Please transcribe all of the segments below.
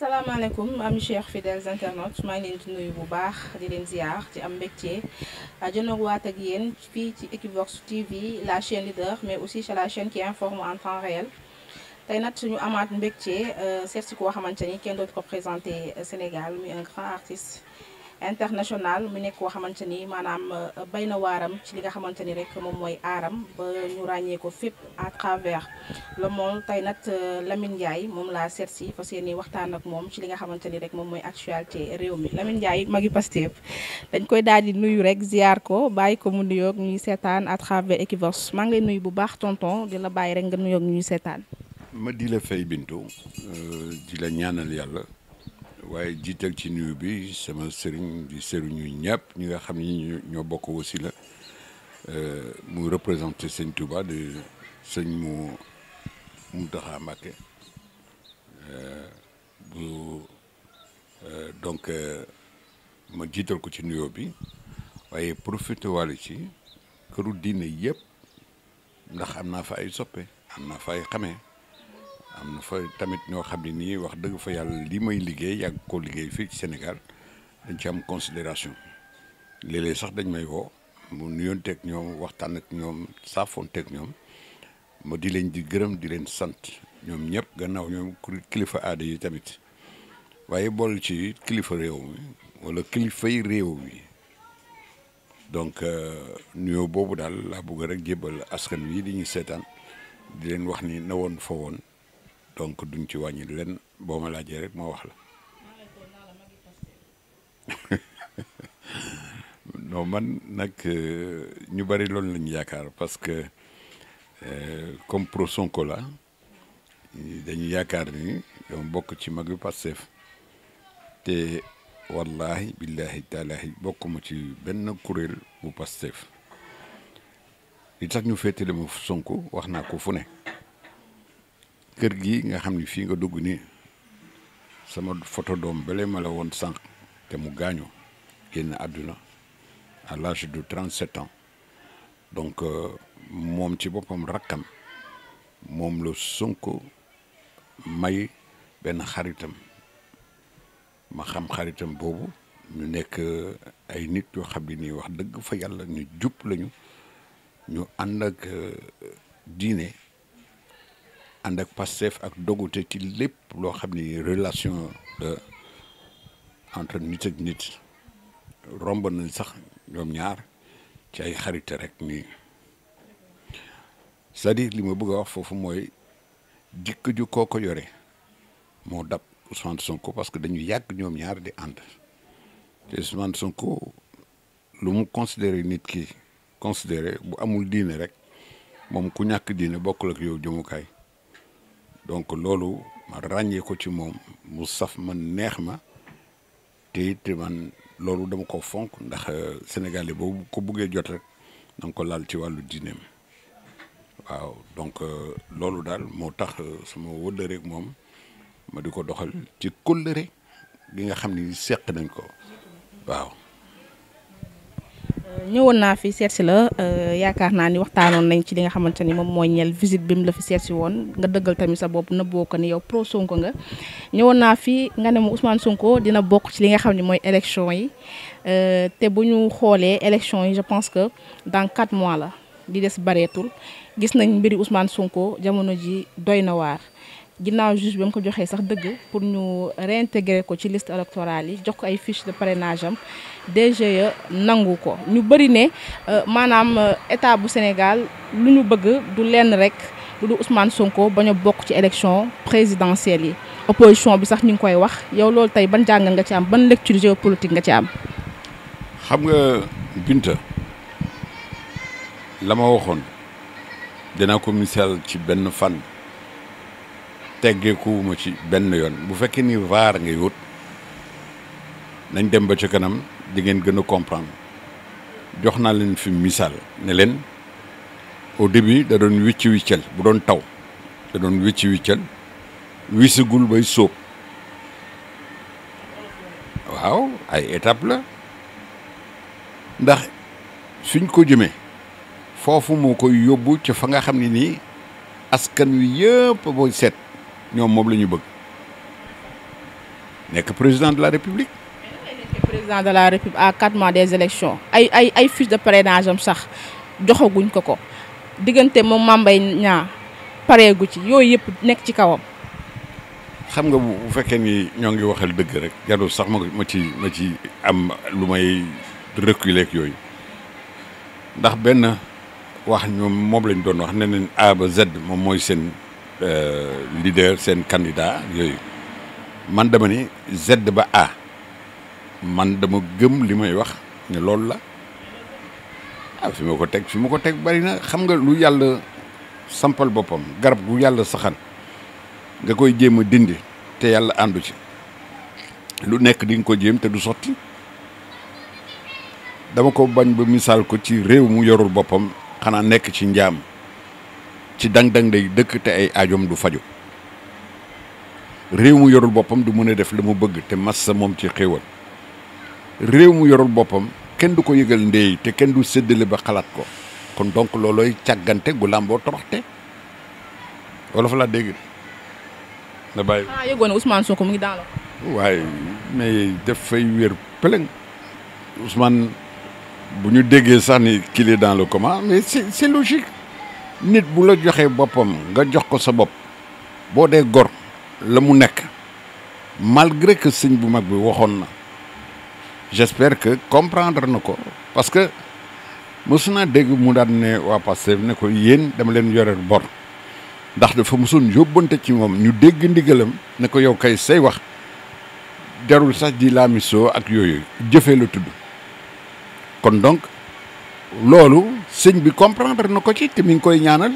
asalaamaaleykum am chers fidèles internautes maa ngi leen nuyu bu baax di leen ziar ci am mbégte ah, jënoowaat ak yéen fii ci Equivox TV la chain leader mais aussi c'est la chaîne qui informe en temps réel tey nag suñu amaat mbégte euh, seet si koo xamante ni kenn dootu ko présenté euh, Sénégal muy un grand artiste international mu nekk koo xamante ni maanaam euh, bay na waaram ci li nga xamante ni rek moom mooy aaram ba ñu ràññee ko fépp à travers le monde tey nag euh, Lamine Ndiaye moom laa seet si fas yéene waxtaan ak moom ci li nga xamante ni rek moom mooy actualité réew mi Lamine Ndiaye magi Pastef dañ koy daal di nuyu rek ziar ko bàyyi ko mu nuyoog ñuy seetaan à travers Equivox maa ngi nuyu bu baax tonton di la bàyyi rek nga nuyoog ñuy seetaan. ma di la fay Bintu euh, di waaye jiital ci nuyu bi sama sëriñ di sëriñu ñëpp ñi nga xam ñu ñoo bokk aussi la euh, mu représenté sëñ Touba di sëñ mu Mountakha Mbacké euh, bu euh, donc ma jiital ko ci nuyoo bi waaye profité wàll ci këru diine yëpp ndax am naa fa ay soppe am naa fa ay xamee am na fa tamit ñoo xam ne nii wax dëgg fa yàlla lii may liggéey yàgg koo liggéey fii ci senegal dañ ci am considération léeg sax dañ may woo mu nuyoon nuyoonteeg ñoom waxtaan ak ñoom teg ñoom ma di leen di gërëm di leen sant ñoom ñëpp gannaaw ñoom kilifa aada yi tamit waaye bool ci kilifa réew mi wala kilifay réew mi donc euh, nuyoo boobu daal laa bugg rek jébbal askan wii di ñu seetaan di leen wax nii na woon fa woon donc duñ ci wàññi lenn boo ma laajee rek ma wax la non man nag euh, ñu bari loolu lañu yaakaar parce que euh, comme pro Sonko la dañu yaakaar ni dama bokk ci mag yu Pastef te wallahi billahi taalahi bokkuma ci benn kuréel bu Pastef li tax ñu féetale ma Sonko wax naa ko fu ne kër gi nga xam ni fii nga dugg nii sama photo doom bale ma la woon sànq te mu gaañu génn àdduna à l'âge de 37 ans donc euh, moom ci boppam rakkam moom la Sonko may benn xaritam ma xam xaritam boobu ñu nekk euh, ay nit yoo xam ne nii wax dëgg fa yàlla ñu jub lañu ñu ànd ak euh, diine ànd ak Pastef ak dogute ci lépp loo xam ni relation de entre nit ak nit romb nañ sax ñoom ñaar ci ay xarite rek nii c'est-à-dire li ma bëgg a wax foofu mooy jikko ju kooko yore moo dab Ousmane Sonko parce que dañu yàgg ñoom ñaar di ànd te Ousmane Sonko lu mu considéré nit ki considéré bu amul diine rek moom ku ñàkk diine bokkul ak yow jëmukaay donc loolu ma ràññee ko ci moom mu saf ma neex ma te it man loolu dama ko fonk ndax euh, sénégalais boobu ko buggee jot rek da ko laal ci wàllu diineem waaw donc euh, loolu daal moo tax euh, sama wëllëre rek moom ma di ko doxal ci kóllëre gi nga xam ni seq nañ ko waaw ñëwoon naa fi seet si la euh, yaakaar naa ni waxtaanoon nañ ci li nga xamante ni moom mooy ñel visite bi mu la fi seet si woon nga dëggal tamit sa bopp na ko ni yow pro Sonko nga ñëwoon naa fi nga ne mu Ousmane Sonko dina bokk ci li nga xam ne mooy élection yi euh, te bu ñu xoolee élection yi je pense que dans quatre mois la di des bareetul gis nañ mbiri Ousmane Sonko jamono ji doy na waar ginnaaw juge bi mu ko joxee sax dëgg pour ñu réintégrer ko ci liste électorale yi jox ko ay fiche de parrainage am DGE nangu ko ñu bëri ne euh, maanaam euh, état bu Sénégal lu ñu bëgg du lenn rek lu du Ousmane Sonko ba ñu bokk ci élection présidentielle yi opposition bi sax ñu ngi koy wax yow loolu tey ban jàngal nga ci am ban lecture géopolitique nga ci am xam nga Binta la waxoon dinaa ko misaal ci benn fànn teggeekuwuma ci benn yoon bu fekkee ni vaar nga wut nañ dem ba ci kanam di ngeen gën a comprendre jox naa leen fi misaal ne leen au début da doon wicci wiccal bu doon taw da doon wicci wiccal wisigul bay sóob waaw ay étape la ndax fiñ ko jëmee foofu moo koy yóbbu ci fa nga xam ni nii askan wi yëpp booy seet ñoom moom la ñu bëgg nekk président de la république. président à quatre des élections ay ay ay fiche de parrainage am sax joxaguñ ko ko diggante moom mambay ñaa pareegu ci yooyu yëpp nekk ci kawam. xam nga bu fekkee ni ñoo ngi waxal dëgg rek jarul sax ma ma ci ma ci am lu may reculer yooyu ndax benn wax ñoom moom lañ doon wax ne leen A ba Z moom mooy seen. Euh, leader seen candidat yooyu man dama ni Z ba A man dama gëm li may wax ne loolu la ah fi ma ko teg fi ma ko teg bari na xam nga lu yàlla sampal boppam garab gu yàlla saxan nga koy jéem a dindi te yàlla àndu ci lu nekk di ko jéem te du sotti dama ko bañ ba misaal ko ci réew mu yorul boppam xanaa nekk ci njaam ci dang-dang day dëkk te ay aajoom du faju réew mu yorul boppam du mën a def la mu bëgg te massa moom ci xéewal réew mu yorul boppam kenn du ko yëgal ndey te kenn du séddale ba xalaat ko kon donc loolooy càggante gu làmboo toroxte wolof la dégg na bàyyi. ah yëgoon Ousmane Sonko mu ngi daal waaye mais dafay wér pëlëng Ousmane bu ñu déggee sax ni qu'il est dans le coma mais c'est c'est logique. nit bu la joxee boppam nga jox ko sa bopp boo dee gor la mu nekk malgré que sëñ bu mag bi waxoon na j'espère que comprendre na ko parce que mësu naa dégg mu daan ne waa Pastef ne ko yéen dama leen yore bor ndax dafa mësoon yóbbante ci moom ñu dégg ndigalam ne ko yow kay say wax jarul sax di laamisoo ak yooyu jëfee la tudd kon donc loolu sëñ bi comprendre na ko ci te mi ngi koy ñaanal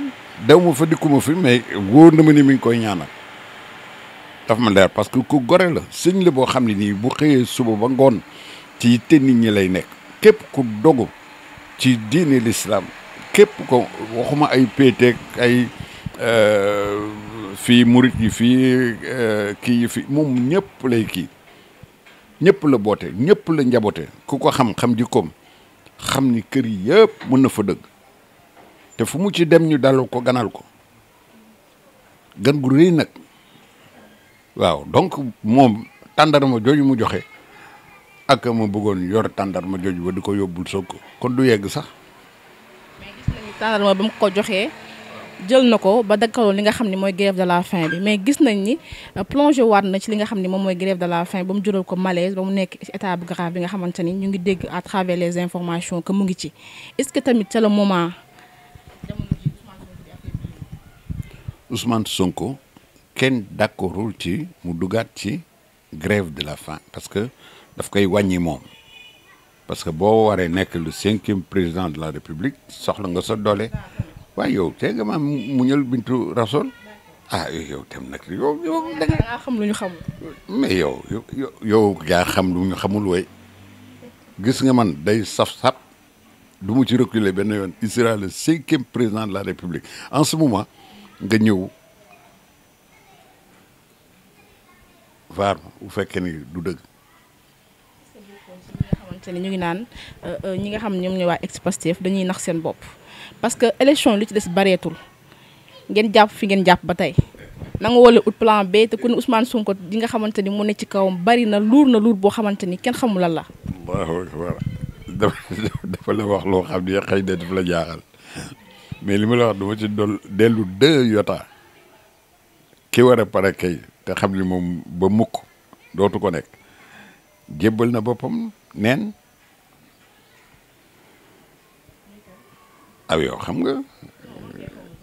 dew ma fa dikkuma fi mais wóor na ma ni mi ngi koy ñaanal daf ma leer parce que ku gore la sëñ la boo xam ne nii bu xëyee suba ba ngoon ci te nit ñi lay nekk képp ku dogu ci diini lislaam képp ko waxuma ay péeteeg ay euh, fii murit yi fii euh, kii yi fi moom ñëpp lay kii ñëpp la boote ñëpp la njaboote ku ko xam xam jikkoom xam ni kër yi yëpp mën na fa dëgg te fu mu ci dem ñu dalal ko ganal ko gan gu rëy nag waaw donc moom tàndarma jooju mu joxe ak ma bëggoon yor tàndarma jooju ba di ko yóbbul soog ko kon du yegg sax. mais gis tàndarma ba mu ko joxee. jël na ko ba dakkaloon li nga xam ne mooy grève de la faim bi mais gis nañ ni euh, plongé waat na ci li nga xam ne moom mooy grève de la faim ba mu jural ko malaise ba mu nekk ci état bu grave bi nga ni ñu ngi dégg à travers les mu ngi ci est-ce que tamit c'est le moment. Ousmane Sonko kenn d'accordul ci mu dugaat ci grève de la faim parce que daf koy wàññi moom parce que boo waree nekk le cinquième président de la république soxla nga sa doole. waaye yow te nga ma muñal bintu rasool ah yow tem nag yow yow ah, da xam lu ñu xamul. mais yow yow xam lu xamul way gis nga man day saf-saf du mu ci reculer benn yoon il sera président de la république en ce moment nga ñëw vaar ma bu fekkee ni du dëgg. ñi nga xamante ñu ngi naan euh, euh, ñu nga xam ñoom ñooy waa ex-Pastef dañuy nax seen bopp. parce que élection lu ci des bareetul ngeen jàpp fi ngeen jàpp ba tey nanga wala ut plan B te ku ne Ousmane Sonko di nga xamante ni mu ne ci kawam bari na luur na luur boo xamante ni kenn xamul lan la. dafa la wax loo xam ne xëy na daf la jaaxal mais li ma la wax dama ci doon dellu deux yota ki war a pare kay te xam ni moom ba mukk dootu ko nekk jébbal na boppam neen. aw yow xam nga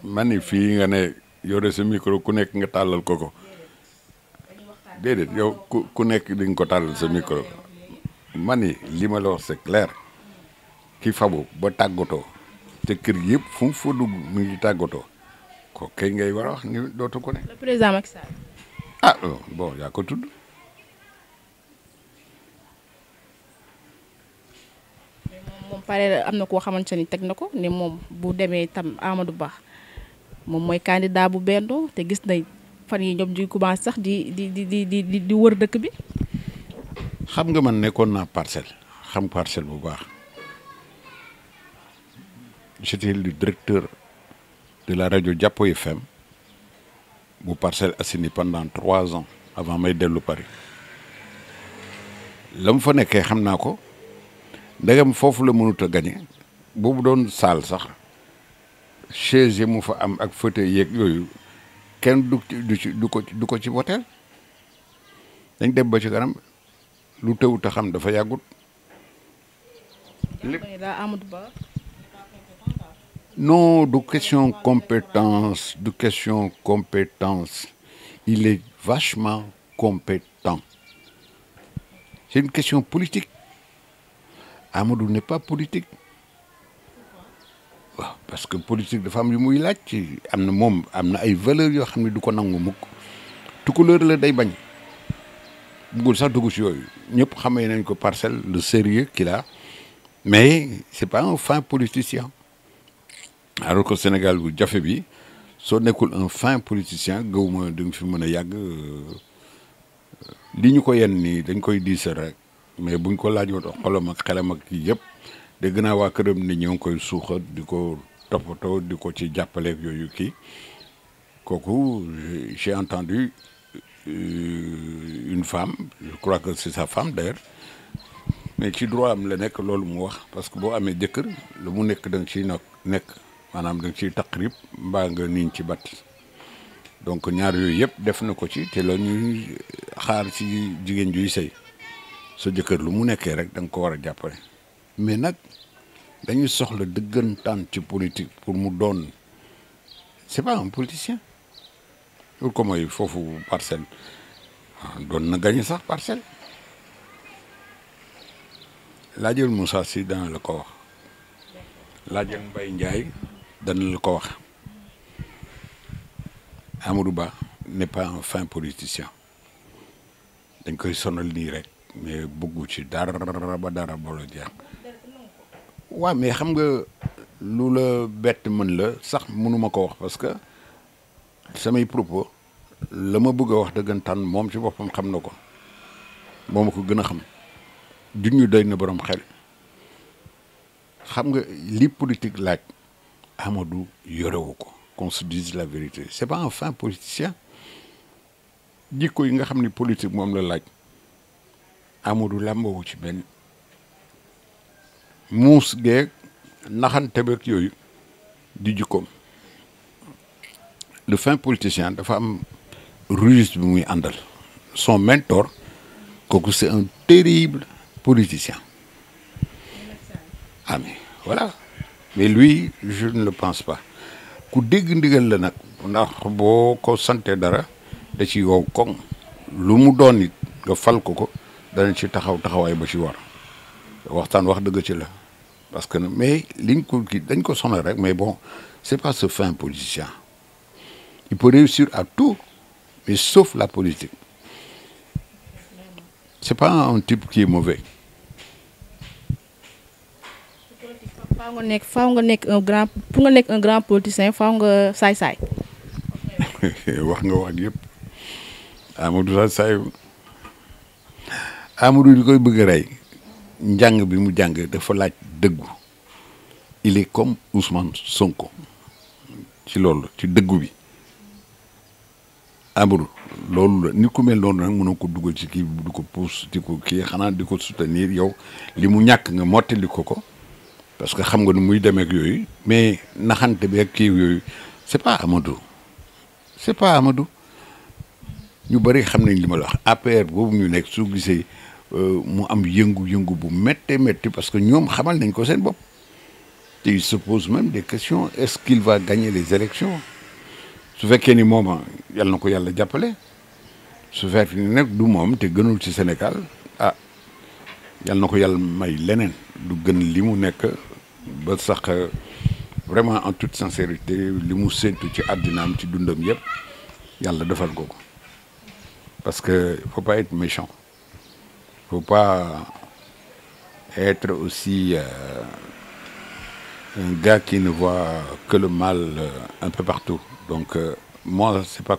mani fii nga ne yore sa micro ku nekk nga tàllal ko ko déedéet yow nekk di nga ko tàllal sa micro man ni li ma la wax c'est ki fabu ba tàggatoo te kër yëpp fu mu mu ngi tàggatoo ko kay ngay war a wax ni dootu ko ne. le ah oh, bon yaa ko tudd. moom pare am na koo xamante ni teg na ko ni moom bu demee tam Amadou baax moom mooy candidat bu benn te gis nañ fan yi ñoom di commencé sax di di di di di di wër dëkk bi. xam nga man nekkoon naa parcelle xam parcelle bu baax j'étais le directeur de la rajo Jàppo FM bu Parcelles Assainies pendant trois ans avant may dellu Paris la mu fa nekkee xam naa ko. ndegam foofu la mënut a gañe boobu doon saal sax chaise mu fa am ak fauteuil yeeg yooyu kenn du du du ko ci woteel dañ dem ba ci kanam lu tëwut a xam dafa yàggut lépp non du question compétence du question compétence il est vachement compétent c'est une question politique Amadou n'est politique waaw parce que politique dafa am yu muy laaj ci am na moom am na ay valeurs yoo xam ne du ko nangu mukk tukulóor la day bañ bëggul sax dugg si yooyu ñëpp xamee nañ ko parcelle le sérieux kila mais c'est pas un fin politicien alors que Sénégal bu jafe bi soo nekkul un fin politicien gëwuma da du fi mën a yàgg euh, li ñu ko yenn nii dañ koy diisal rek mais buñ ko laaj laajoon xolam ak xelam ak kii yëpp dégg naa waa këram ni ñoo ngi koy suuxa di ko toppatoo di ko ci jàppaleeg yooyu kii kooku j'ai entendu euh, une femme je crois que c'est sa femme d'ailleurs mais ci droit am la nekk loolu mu wax parce que boo amee jëkkër lu mu nekk danga nga ciy nekk maanaam da nga ciy taqrib mbaa nga niñ ci batt donc ñaar yooyu yëpp def na ko ci te la ñuy xaar ci jigéen juy sëy sa jëkkër lu mu nekkee rek danga ko war a jàppale mais nag dañu soxla dëggantaan ci politique pour mu doon c'est pas un politicien loolu ko mooy foofu parcelle ah, doon na gañe sax parcelle laajal Moussa si dana la ko wax laajal Mbaye Ndiaye dana la ko wax Amadou Ba n'est pas un fin politicien dañ koy sonal nii rek mais bëggu ci dara ba dara ba la jeex waaw mais xam nga lu la bett man la sax mënuma ko wax parce que samay propos la ma bëgg a wax dëggantaan moom ci boppam xam na ko moom ko gën a xam duñu doy na borom xel xam nga li politique laaj Amadou yorewu ko qu'on se dise la vérité c'est pas un fin politicien jikko yi nga xam ni politique moom la laaj amulu làmboowu ci benn muus geeg naxante beeg yooyu di jukkoom le fin politicien dafa am ruse bi muy àndal son mentor kooku c'est un terrible politicien ah mais voilà mais lui je ne le pense pas ku dégg ndigal la nag ndax boo ko sante dara da ci yow koŋ lu mu doon it nga fal ko ko danañ ci taxaw taxawaay ba ci war waxtaan wax dëgg ci la parce que mais liñ ko kii dañ ko sonal rek mais bon c'est pa ce fin politicien il peut réussir à tout mais sauf la politique c'est pas un type qui est mauvais. faaw nga nekk faaw nga nekk un grand nga nekk un grand politicien faaw nga saay-saay. wax nga wax yëpp Amadou Saay saay. Amadou di koy bëgg rey njàng bi mu jàng dafa laaj dëggu il est comme Ousmane Sonko ci loolu ci dëggu bi Amadou loolu la nit ku mel noonu nag mënoo ko dugal ci kii du ko pousse di ko kii xanaa di ko soutenir yow li mu ñàkk nga mottali ko ko parce que xam nga ni muy demeeg yooyu mais naxante bi ak kii yooyu c'est pas amado c'est pas Amadou ñu bëri xam nañ li ma la wax APR boobu ñu nekk su gisee. Euh, mu am yëngu-yëngu bu méttee métti parce que ñoom xamal nañ ko seen bopp te il se pose même des questions est-ce qu'il va gagner les élections su fekkee ni moom yàlla na ko yàlla jàppale su fekkee ni nag du moom te gënul ci Sénégal ah yàlla na ko yàlla may leneen du gën li mu nekk ba sax euh, vraiment en toute sincérité li mu séntu ci àddinaam ci dundam yëpp yàlla defal ko ko parce que faut pas être méchant faut pas être aussi euh, mal euh, donc euh, moi c'est pas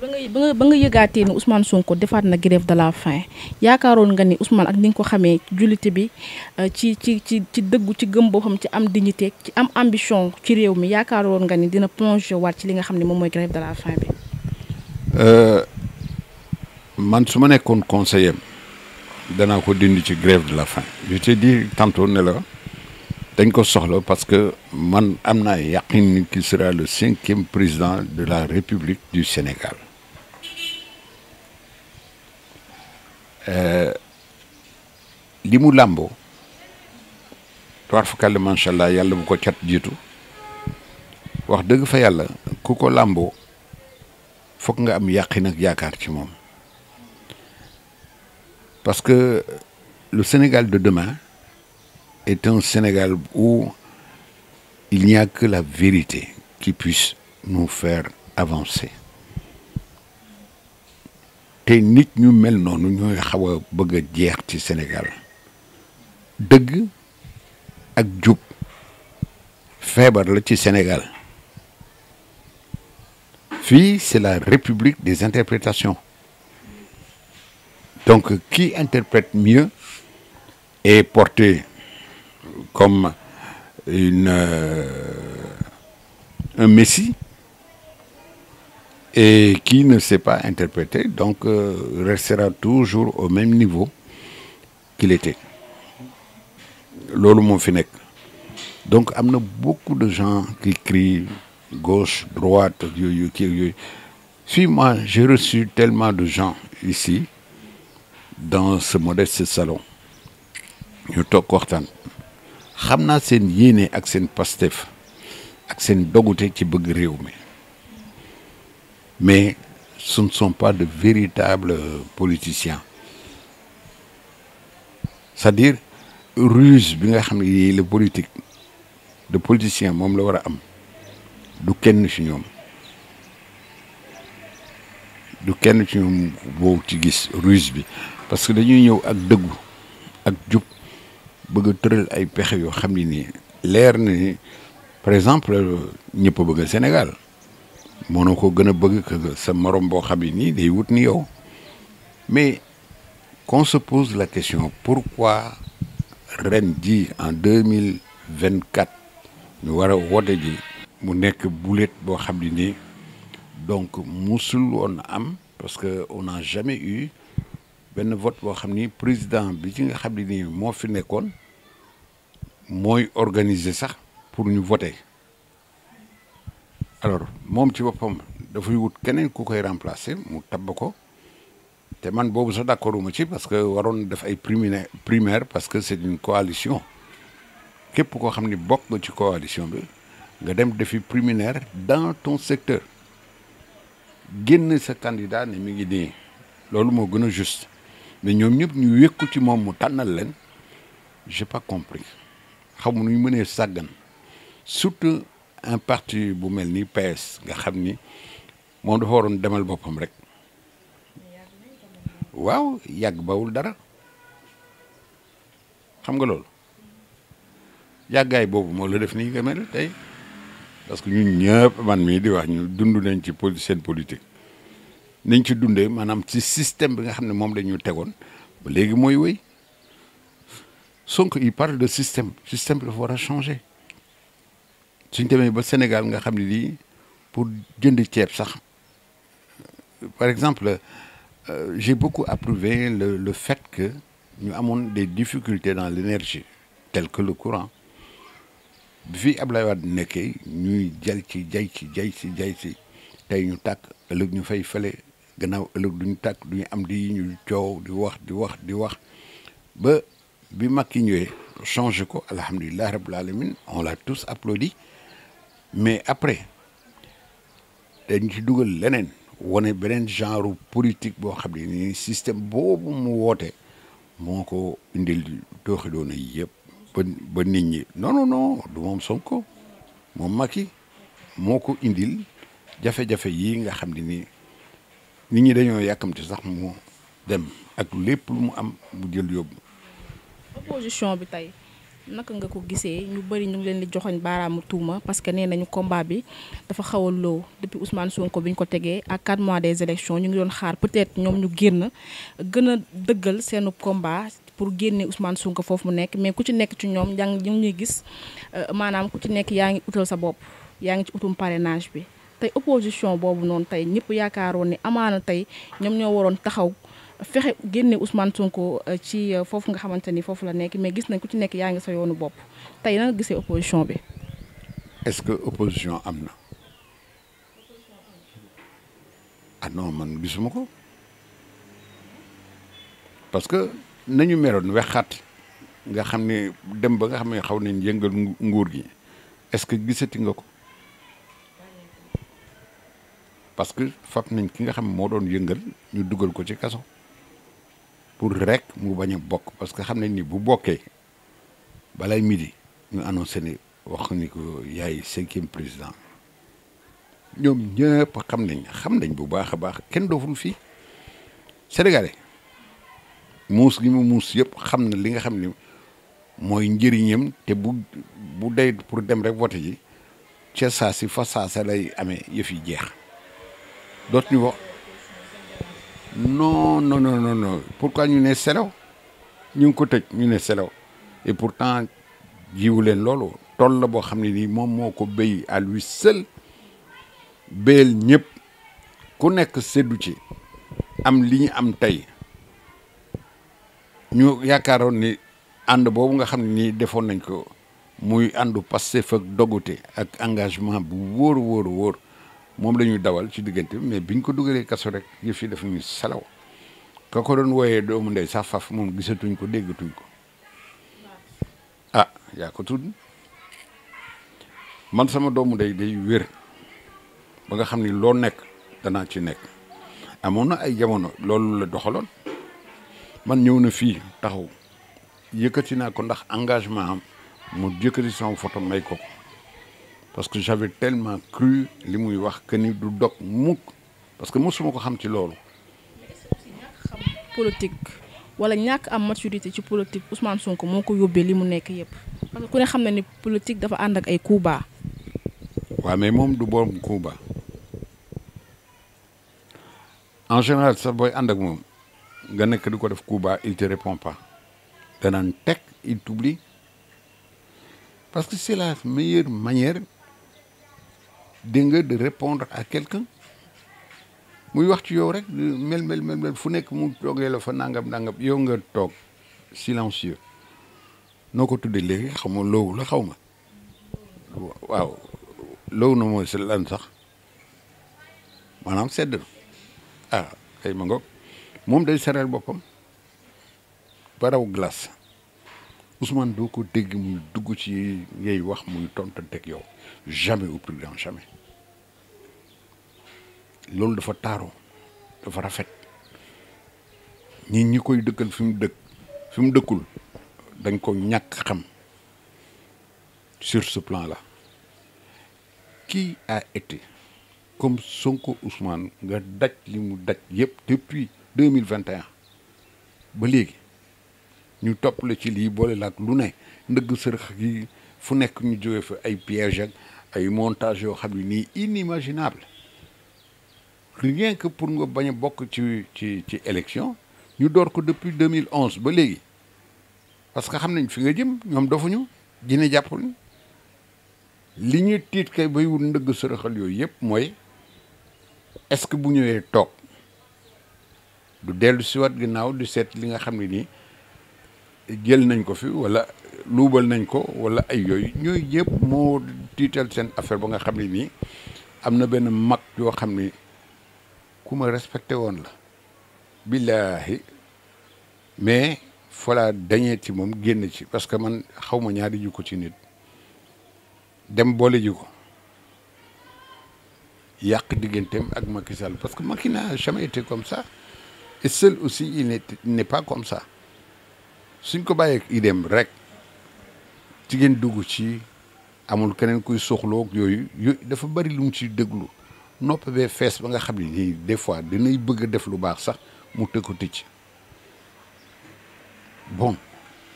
ba nga ba nga yëgaatee ni Ousmane Sonko defaat na grève de la fin yaakaaroon nga ni Ousmane ak ni nga ko xamee jullite bi euh, ci ci ci ci dëggu ci gëm boo xam ci am dignité ci am ambition ci réew mi yaakaaroon nga ni dina plonger waat ci li nga xam ne moom mooy grève de la faim bi. Euh, man su ma nekkoon conseiller danaa ko dindi ci grève de la faim je t'ai di tantôt ne la dañ ko soxla parce que man am naa yàqin ni qui sera le cinquième président de la République du Sénégal euh, li mu làmboo tuwarfakàll macha allah yàlla bu ko cat jiitu wax dëgg fa yàlla ku ko làmboo foog nga am yàqin ak yaakaar ci moom Parce que le Sénégal de demain est un Sénégal où il n'y a que la vérité qui puisse nous faire avancer te nit ñu mel noonu ñooy xaw a bëgg a jeex ci Sénégal dëgg ak jub feebar la ci Sénégal fii c'est la république des interprétations Donc, qui interprète mieux est porté comme une, euh, un messie et qui ne sait pas interpréter, donc euh, restera toujours au même niveau qu'il était. Lolo Monfinek. Donc, il y a beaucoup de gens qui crient gauche, droite, yo, yo, yo. Suis-moi, j'ai reçu tellement de gens ici dans ce modeste salon ñu toog waxtaan xam naa seen yéene ak seen pastef ak seen dogute ci bëgg réew mi mais ce ne sont pas de véritables politiciens c'est-à-dire bi nga xam ne yii la politique de politicien moom la war a am du kenn ci ñoom du kenn ci ñoom boobu ci gis ruse bi parce que dañuy ñëw ak dëggu ak jub bëgg a ay pexe yoo xam ne nii leer na ni par exemple ñëpp a bëgg Sénégal mënoo ko gën a bëgg que sa morom boo xam ne nii day wut ni yow mais qu'on se pose la question pourquoi ren ji en deux mille vingt quatre war a woote ji mu nekk boulet boo xam ne nii donc musul woon am parce que on n'a jamais eu benn vote boo xam ni président bi ci nga xam ni nii moo fi nekkoon mooy organiser sax pour ñu voter alors moom ci boppam dafay wut keneen ku koy remplacer mu tabb ko te man boobu sot d'accord ma ci parce que waroon def ay primaire primaire parce que c'est une coalition képp koo xam ni bokk nga ci coalition bi nga dem defi primaire dans ton secteur génn sa candidat ne mi ngi nii loolu moo gën a juste mais ñoom ñëpp ñu wékku ci moom mu tànnal leen je pas compris xamu nu ñu mënee sàggan surtout un parti bu mel ni PS nga xam ni moom dafa waroon demal boppam rek waaw yàgg bawul dara xam nga loolu yàggaay boobu moo la def nii nga mel tey parce que ñun ñëpp man mii di wax ñu dund nañ ci seen politique nañ ci dundee maanaam si système bi nga xam ne moom dañu tegoon ba léegi mooy wéy Sonko il par de système système bi dafa war a changer suñ demee ba Sénégal nga xam ne lii pour jënd ceeb sax par exemple euh, j'ai beaucoup approuvé le le fait que ñu amoon des difficultés dans l'énergie telles que le courant bi fi Ablaye Wade nekkee ñuy jal ci jay ci jay ci jay ci tey ñu tàkk ëllëg ñu fay fële gannaaw ëllëg duñu tàkk duñu am di ñu coow di wax di wax di wax ba bi Macky ñëwee changé ko alhamdulilah rabbil alamin on l'a tous applaudi mais après dañ ci dugal leneen wane beneen genre politique boo xam ne nii système boobu mu woote moo ko indil dooxi doona yëpp ba ba nit ñi non du moom Sonko moom Macky moo ko indil jafe-jafe yi nga xam ne nii nit ñi dañoo yàkkamti sax mu dem ak lépp lu mu am mu jël yóbbu. opposition bi tey naka nga ko gisee ñu bëri ñu ngi leen di joxoñ baaraamu tuuma parce que nee nañu combat bi dafa xaw a loo depuis Ousmane Sonko bi ñu ko tegee ak quatre mois des élections ñu ngi doon xaar peut-être ñoom ñu génn gën a dëggal seenu combat. pour génne Ousmane Sonko foofu mu nekk mais ku ci nekk ci ñoom yaa ngi ñuy gis euh, maanaam ku ci nekk yaa ngi utal sa bopp yaa ngi ci utum parrainage bi tey opposition boobu noonu tey ñëpp yaakaaroon ni amaana tey ñoom ñoo waroon taxaw fexe génne Ousmane Sonko euh, ci euh, foofu nga xamante ni foofu la nekk mais gis nañ ku ci nekk yaa ngi sa yoonu bopp tey nan gisee opposition bi. est-ce que opposition am na. ah man gisuma ko parce que nañu meroon wexaat nga xam ne dem ba nga xam ne xaw nañ yëngal nguur gi est-ce que gisati nga ko. parce que fab nañ ki nga xam moo doon yëngal ñu dugal ko ci kaso pour rek mu bañ bokk parce que xam nañ ni bu bokkee balay midi ñu annoncé ni wax ni ko yaay cinquième président ñoom ñëpp xam nañ xam nañ bu baax a baax kenn doo dooful fii sénégalais muus gi mu muus yëpp xam na li nga xam ni mooy njëriñam te bu bu day pour dem rek vote ji ca saa si fa saa sa lay amee yëf yi jeex d'autres niveaux non non non non non pourquoi ñu ne selaw ñu ngi ko tëj ñu ne selaw et pourtant jiwu leen loolu tool boo xam ne nii moom moo ko béy à lui seul béyal ñëpp ku nekk seddu ci am li ñu am tey ñu yaakaaroon ni ànd boobu nga xam ne nii defoon nañ ko muy àndu Pastef ak dogute ak engagement bu wóor wóor wóor moom la ñuy dawal ci diggante mais bi biñ ko dugalee kaso rek yëf yi dafa ñu salaw ka ko doon wooyee doomu ndey sax faf moom gisatuñ ko déggatuñ ko ah yaa ko tudd man sama doomu ndey day wér ba nga xam ni loo nekk danaa ci nekk amoon na ay jamono loolu la doxaloon man ñëw na fii taxaw yëkkati naa ko ndax engagement am mu yëkkati sama photo may ko. parce que j'avais tellement cru li muy wax que ni du dog mukk parce que mosuma ko xam ci loolu. xam politique wala ñàkk am maturité ci politique Ousmane Sonko moo ko yóbbee li mu nekk yëpp parce que ku ne xam na ni politique dafa ànd ak ay coups bas. mais moom du borom coups en général sax booy ànd ak moom nga nekk di ko def coups bas il te répond pas danaan teg il t'oublie parce que c'est la meilleure manière. dégg nga de répondre à quelqu'un muy wax ci yow rek mel mel mel mel fu nekk mu toogee la fa nangam nangam yow nga toog silencieux noo ko tuddee léegi xam nga loowu la xaw ma waaw loowu na mooy sa lan sax maanaam sedd na ah kay ma ngoog moom day sareel boppam baraw glace Ousmane doo ko dégg muy dugg ci yey wax muy tontanteeg yow jamais au plus jamais loolu dafa taaru dafa rafet ñi ñi koy dëkkal fi mu dëkk dëkkul dañ ko ñàkk xam sur ce plan là qui a été comme Sonko Ousmane nga daj li mu daj yëpp depuis deux mille vingt et ba léegi ñu topp ci lii boole laak lu ne ndëgg sërëx yi fu nekk ñu jógee fa ay piège ay montage yoo xam ne nii inimaginable rien que pour nga bañ a bokk ci ci ci élection ñu door ko depuis 2011 ba léegi parce que xam nañ fi nga jëm ñoom dofuñu dina jàppul li ñu tiit kay bay wut ndëgg sërëxal yooyu yëpp mooy est-ce que bu ñëwee toog du dellu si wat ginnaaw du seet li nga xam ne nii jël nañ ko fi wala luubal nañ ko wala ay yooyu ñooy yëpp moo tiital seen affaire ba nga xam ne nii am na benn mag yoo xam ni ku ma woon la billaahi mais voilà dañee ci moom génn ci parce que man xaw ma ñaari jikko ci nit dem boole ji ko yàq digganteem ak Macky parce que Macky n'a jamais été comme ça et aussi il n'est pas comme ça suñ ko bàyyeeg idem rek jigéen dugg ci amul keneen kuy soxloo yooyu yooyu dafa bari lu ci déglu nopp bee fees ba nga xam ni des fois dinay bëgg a def lu baax sax mu tëkku ticc bon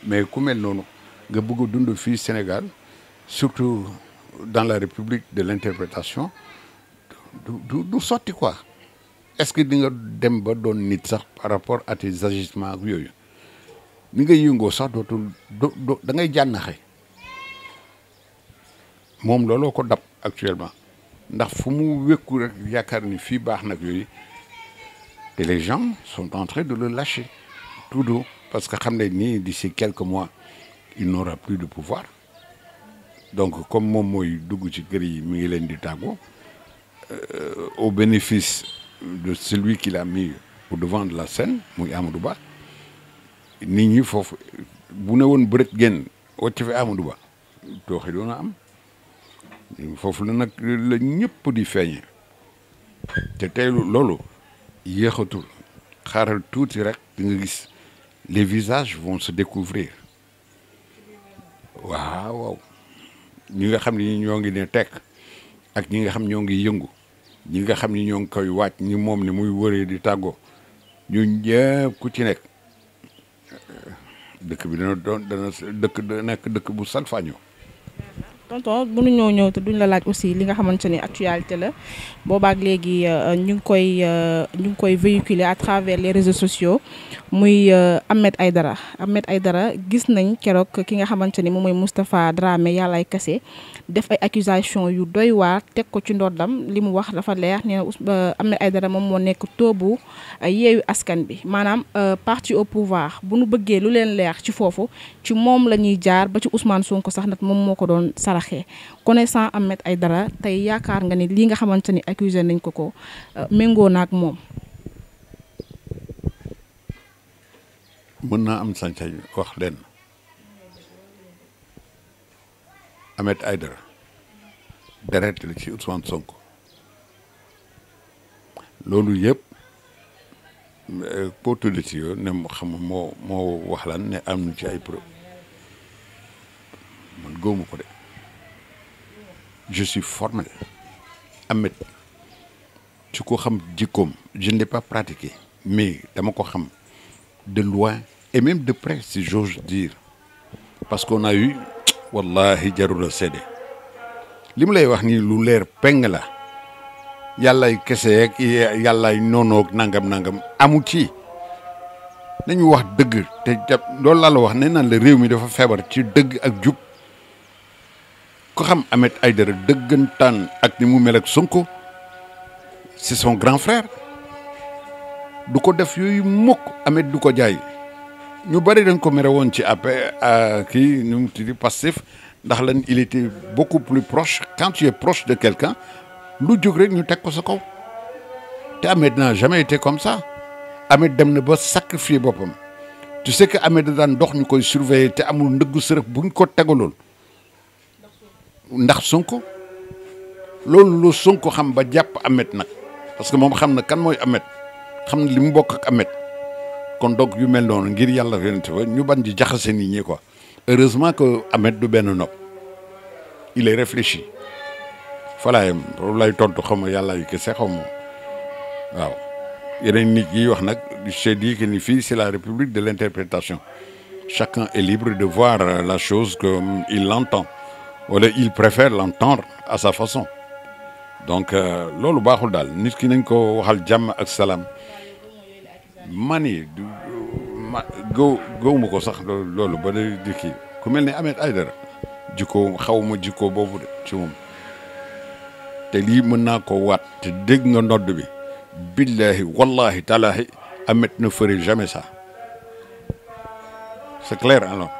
mais ku mel noonu nga bëgg a dund fii Sénégal surtout dans la république de l'interprétation du sotti quoi est-ce que di nga dem ba doon nit sax par rapport à tes agissements yooyu ni nga yëngoo sax dootul do da ngay jànnaxe moom looloo ko dab actuellement ndax fu mu wékku rek yaakaar ni fii baax nag yooyu et les gens sont en de le lâcher tout doux parce que xam ne nii di d'ici quelques mois il n'aura plus de pouvoir donc comme moom mooy dugg ci kër yi mi ngi leen di tàggoo euh, au bénéfice de celui qui l'a mis au devant de la scène muy du Ba nit ñi foofu bu ne woon bërët génn wacc fi Amadou Ba tooxi doona am foofu la nag la ñëpp di feeñe te tey loolu yéexatu xaaral tuuti rek di nga gis les visage vont se découvrir waaw waaw ñi nga xam ni ñoo ngi ne tekk ak ñi nga xam ñoo ngi yëngu ñi nga xam ni ñoo ngi koy waaj ñi moom ni muy wëree di tàggoo ñu ñëpp ku ci nekk dëkk bi dana doon dana dëkk da nekk dëkk bu salfaañoo tonton mënu ñoo ñëw te duñ la laaj aussi li nga xamante ni actualité la boobaak léegi euh, ñu ngi koy euh, ñu ngi koy véhiculer à travers les réseaux sociaux muy euh, Ahmed Aïdara Ahmed dara gis nañ keroog ki nga xamante ni moom mooy Moustapha Dramé yàllaay kase def ay accusation yu doy waar teg ko ci ndoddam li mu wax dafa leer nee na ay Aïdara moom moo nekk toobu yeewu askan bi maanaam parti au pouvoir bu nu bëggee lu leen leex ci foofu ci moom la ñuy jaar ba ci Ousmane Sonko sax nag moom baaxee connaissant ay dara tey yaakaar nga ni lii nga xamante ni accusé nañ ko ko euh, méngoo naag moom. mën naa am sañ-sañ wax leen Ahmed Aidara deret la ci Ousmane Sonko loolu yëpp euh, pour tudd ci yow ne xam moo moo wax lan ne am na ci ay preuve man góomu ko de. je suis formel Ahmed su ko xam jikkoom je ne l'ai pas pratiqué mais dama ko xam de loin et même de près si j'ose dire parce qu'on a eu wallahi jarul a li mu lay wax nii lu leer peng la yàlla yàllaay kese ak yàllaay noonoog nangam nangam amu ci nañu wax dëgg te jàpp loolu laa wax nee naan la réew mi dafa feebar ci dëgg ak jub ko xam ay Aïdara dëggantaan ak ni mu mel ak Sonko c'est son grand frère du ko def yooyu mukk Ahmed du ko jaay ñu bari dañ ko mere woon ci app kii nu mu tuddi Pastef ndax lan il était beaucoup plus proche quand tu es proche de quelqu'un lu jóg rek ñu teg ko sa kaw te Ahmed n'a jamais été comme ça Ahmed dem na ba sacrifier boppam tu sais que Ahmed daan dox ñu koy surveiller te amul ndëggu sërëf ñu ko tegaloon ndax Sonko loolu lu Sonko xam ba jàpp Ameth nag parce que moom xam na kan mooy Ameth xam na li mu bokk ak kon donc yu mel noonu ngir yàlla yonent ba ñu ban di jaxase nit ñi quoi heureusement que Ameth du benn nopp il est réfléchi voilà loolu lay tontu xaw ma yàlla yu kese xaw ma waaw yeneen nit yi wax nag je dis que ni fii c'est la république de l'interprétation chacun est libre de voir la chose comme il l'entend wala il préfère l'entendre à sa façon donc euh, loolu baaxul daal nit ki nañ ko waxal jàmm ak salaam mani du gëw gëwuma ko sax loolu ba di kii ku mel ne Ahmed Aïdara jikko xaw ma jikko boobu de ci moom te lii mën naa ko wat te dégg nga ndodd bi billahi wallahi talahi Ahmed ne ferait jamais ça c'est clair alors